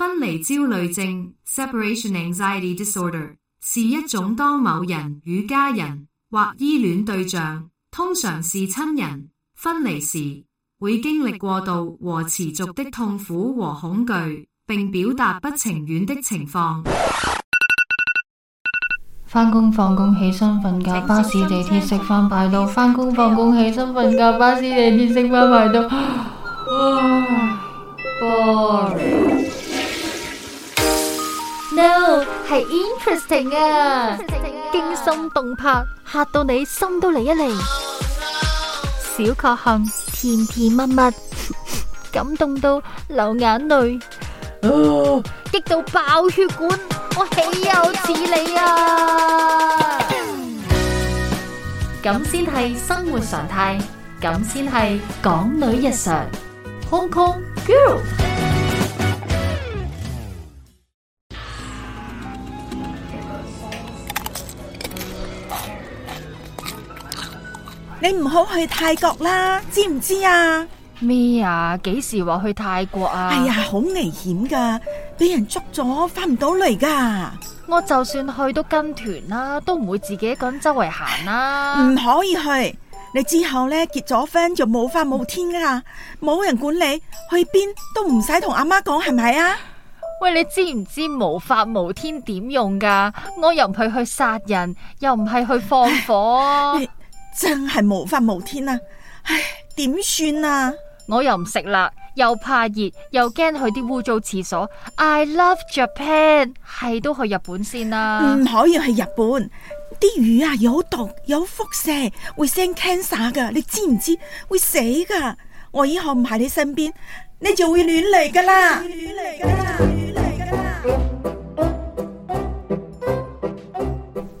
分離焦慮症 （Separation Anxiety Disorder） 是一種當某人與家人或依戀對象（通常是親人）分離時，會經歷過度和持續的痛苦和恐懼，並表達不情願的情況。翻工放工，起身瞓覺，巴士地鐵，食飯排到。翻工放工，起身瞓覺，巴士地鐵，食飯排到。啊係 interesting 啊，驚心動魄，嚇到你心都嚟一嚟，小確幸，甜甜蜜蜜，感動到流眼淚，啊，激到爆血管，我豈有此理啊？咁先係生活常態，咁先係港女日常，Hong Kong girl。你唔好去泰國啦，知唔知啊？咩啊？幾時話去泰國啊？哎呀，好危險噶，俾人捉咗翻唔到嚟噶。我就算去都跟團啦、啊，都唔會自己一個人周圍行啦。唔 可以去，你之後咧結咗婚就冇法冇天啦、啊，冇人管你，去邊都唔使同阿媽講，係咪啊？喂，你知唔知無法無天點用噶？我又唔係去殺人，又唔係去放火、啊。 真係無法無天啊！唉，點算啊？我又唔食辣，又怕熱，又驚去啲污糟廁所。I love Japan，係都去日本先啦、啊。唔可以去日本，啲魚啊有毒，有輻射，會生 cancer 噶，你知唔知？會死噶。我以後唔喺你身邊，你就會亂嚟噶啦。 亂嚟噶啦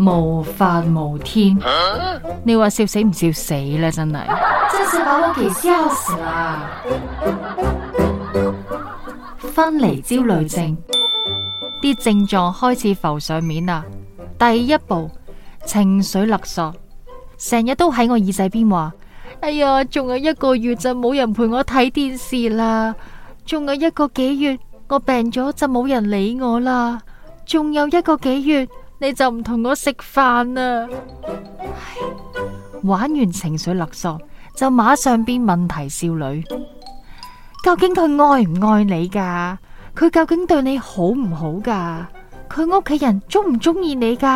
無法無天，你話笑死唔笑死咧？真係，真是把我給笑死啦！分離焦慮症啲症狀開始浮上面啦。第一步，情緒勒索，成日都喺我耳仔邊話：哎呀，仲有一個月就冇人陪我睇電視啦，仲有一個幾月我病咗就冇人理我啦，仲有一個幾月。你就唔同我食飯啊！玩完情緒勒索就馬上變問題少女。究竟佢愛唔愛你㗎？佢究竟對你好唔好㗎？佢屋企人鍾唔鍾意你㗎？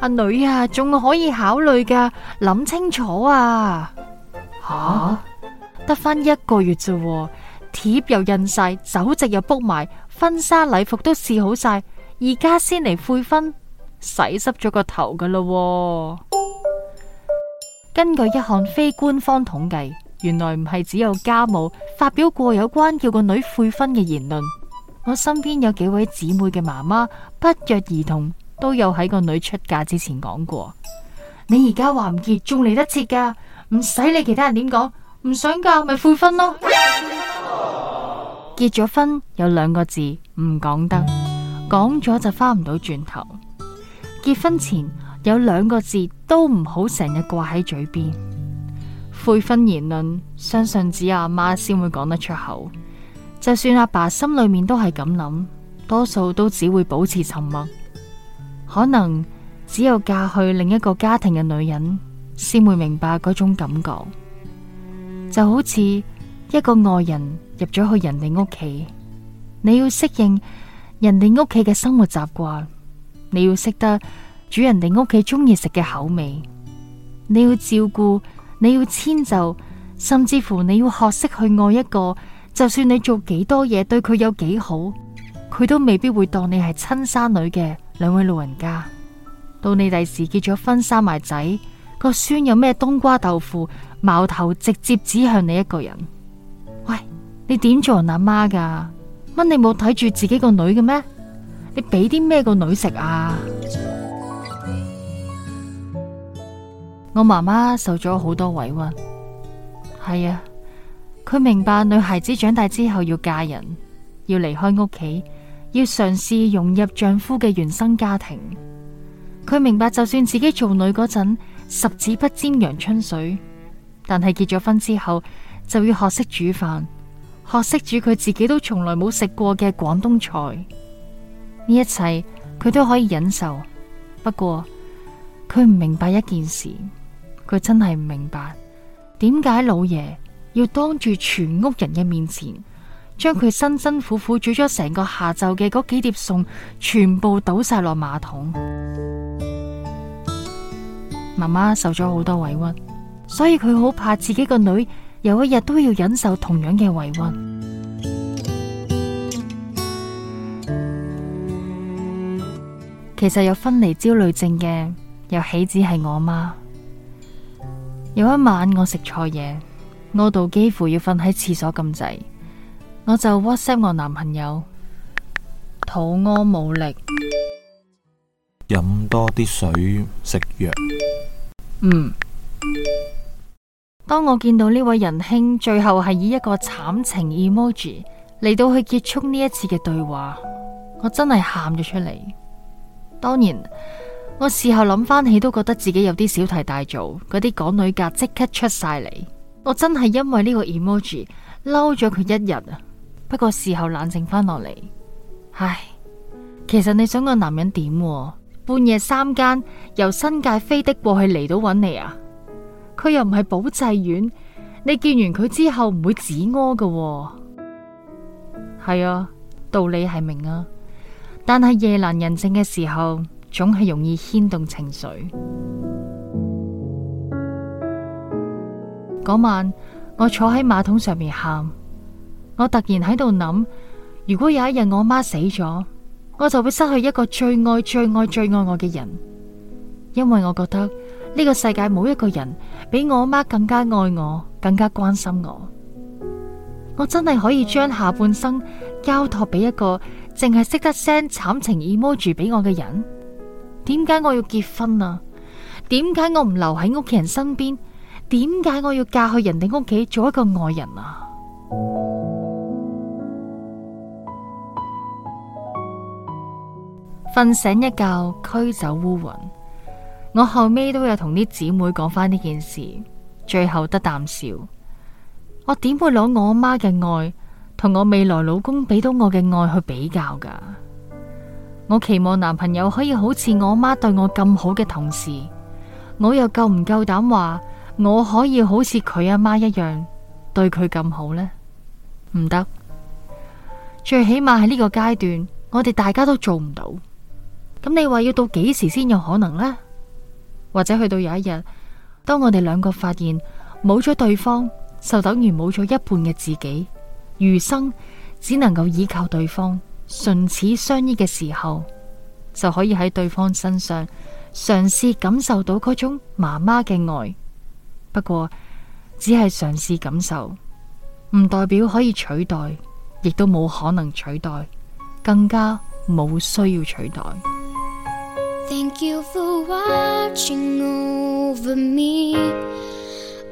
阿女啊，仲可以考慮㗎，諗清楚啊！吓？得返一個月咋，貼又印晒，酒席又 book 埋，婚紗禮服都試好晒，而家先嚟悔婚。洗濕咗個頭噶啦，哦，根據一項非官方統計，原來唔係只有家母發表過有關叫個女悔婚嘅言論。我身邊有幾位姊妹嘅媽媽不約而同都有喺個女出嫁之前講過：， 你而家話唔結仲嚟得切噶，唔使理其他人點講，唔想噶咪悔婚咯。 結咗婚有兩個字唔講得，講咗就翻唔到轉頭。結婚前有兩個字都唔好成日掛喺嘴邊，悔婚言論相信只有阿媽先會講得出口，就算阿爸心裏面都係咁諗，多數都只會保持沉默。可能只有嫁去另一個家庭嘅女人，先會明白嗰種感覺。就好似一個外人入咗去人哋屋企，你要適應人哋屋企嘅生活習慣。你要識得煮人哋屋企中意食嘅口味，你要照顧，你要遷就，甚至乎你要學識去愛一個。就算你做幾多嘢對佢有幾好，佢都未必會當你係親生女嘅。兩位老人家，到你第時結咗婚生埋仔，個孫有咩冬瓜豆腐矛頭直接指向你一個人。喂，你點做人阿媽㗎？乜你冇睇住自己個女嘅咩？你俾啲咩個女食啊？我媽媽受咗好多委屈。係啊，佢明白女孩子長大之後要嫁人，要離開屋企，要嘗試融入丈夫嘅原生家庭。佢明白，就算自己做女嗰陣十指不沾陽春水，但係結咗婚之後就要學識煮飯，學識煮佢自己都從來冇食過嘅廣東菜。呢一切佢都可以忍受，不過佢唔明白一件事，佢真係唔明白點解老爺要當住全屋人嘅面前，將佢辛辛苦苦煮咗成個下晝嘅嗰幾碟餸，全部倒晒落馬桶。媽媽受咗好多委屈，所以佢好怕自己個女有一日都要忍受同樣嘅委屈。其實有分離焦慮症嘅，又豈止係我媽？有一晚我食錯嘢，屙到幾乎要瞓喺廁所咁滯，我就 WhatsApp 我男朋友，肚屙冇力，飲多啲水，食藥。嗯，當我見到呢位仁兄最後係以一個慘情 emoji 嚟到去結束呢一次嘅對話，我真係喊咗出嚟。當然，我事後諗翻起都覺得自己有啲小題大做，嗰啲港女格即刻出晒嚟。我真係因為呢個 emoji 嬲咗佢一日啊！不過事後冷靜翻落嚟，唉，其實你想個男人點啊？半夜三更由新界飛的過去嚟到揾你啊？佢又唔係保濟丸，你見完佢之後唔會止屙噶喎？係啊，道理係明啊。但係夜闌人靜嘅時候，總係容易牽動情緒。嗰 晚我坐喺馬桶上面喊，我突然喺度諗：如果有一日我媽死咗，我就會失去一個最愛、最愛、最愛我嘅人。因為我覺得呢個世界冇一個人比我媽更加愛我、更加關心我。我真係可以將下半生交託俾一個。淨係識得 send 慘情 emoji 俾我嘅人，點解我要結婚啊？點解我唔留喺屋企人身邊？點解我要嫁去人哋屋企做一個外人啊？瞓 醒一覺驅走烏雲，我後尾都有同啲姊妹講翻呢件事，最後得啖笑。我點會攞我阿媽嘅愛同我未來老公俾到我嘅愛去比較㗎，我期望男朋友可以好似我媽對我咁好嘅同時，我又夠唔夠膽話我可以好似佢阿媽一樣對佢咁好呢？唔得，最起碼喺呢個階段，我哋大家都做唔到。咁你話要到幾時先有可能呢？或者去到有一日，當我哋兩個發現冇咗對方，就等於冇咗一半嘅自己。餘生只能夠依靠對方，唇齒相依嘅時候，就可以喺對方身上嘗試感受到嗰種媽媽嘅愛。不過，只係嘗試感受，唔代表可以取代，亦都冇可能取代，更加冇需要取代。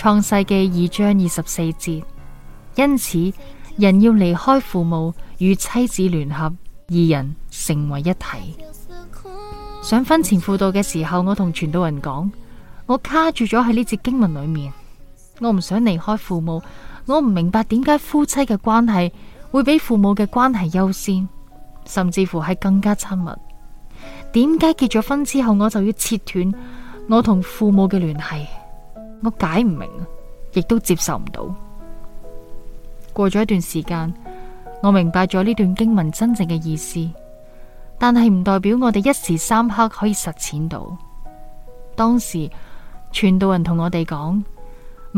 創世紀二章二十四節，因此人要離開父母，與妻子聯合，二人成為一體。想婚前輔導嘅時候，我同傳道人講，我卡住咗喺呢節經文裏面，我唔想離開父母，我唔明白點解夫妻嘅關係會比父母嘅關係優先，甚至乎係更加親密。點解結咗婚之後我就要切斷我同父母嘅聯繫？我解唔明，亦都接受唔到。過咗一段時間，我明白咗呢段經文真正嘅意思，但係唔代表我哋一時三刻可以實踐到。當時傳道人同我哋講，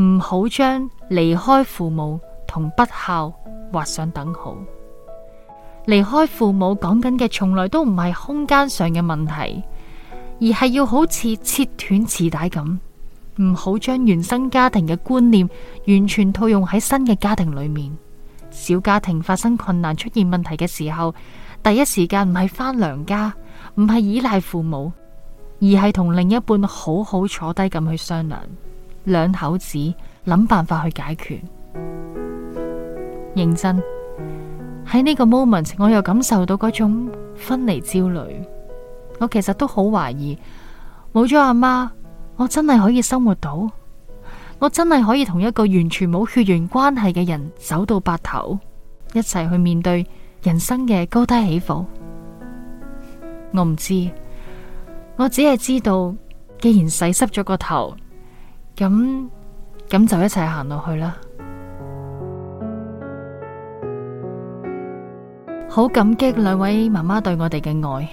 唔好將離開父母同不孝劃上等號。離開父母講緊嘅，從來都唔係空間上嘅問題，而係要好似切斷臍帶咁。唔好將原生家庭嘅觀念完全套用喺新嘅家庭裏面。小家庭發生困難，出現問題嘅時候，第一時間唔係返娘家，唔係依賴父母，而係同另一半好好坐低咁去商量，兩口子諗辦法去解決認真喺呢個 moment，我又感受到嗰種分離焦慮。我其實都好懷疑，冇咗阿媽。我真係可以生活到，我真係可以同一個完全冇血緣關係嘅人走到白頭，一齊去面對人生嘅高低起伏。我唔知，我只係知道，既然洗濕咗個頭，咁，咁就一齊行落去啦。好感激兩位媽媽對我哋嘅愛，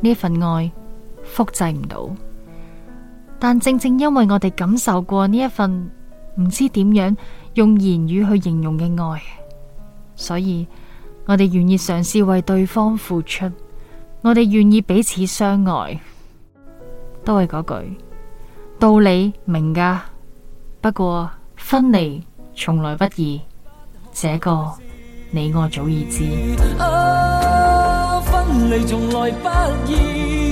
呢份愛複製唔到。但正正因為我哋感受過呢一份唔知點樣用言語去形容嘅愛，所以我哋願意嘗試為對方付出，我哋願意彼此相愛。都係嗰句，道理明㗎，不過分離從來不易，這個你我早已知。分離從來不易。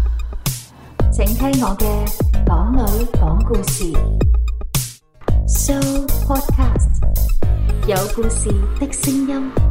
請聽,聽我嘅港女講故事，Soul Podcast 有故事的聲音。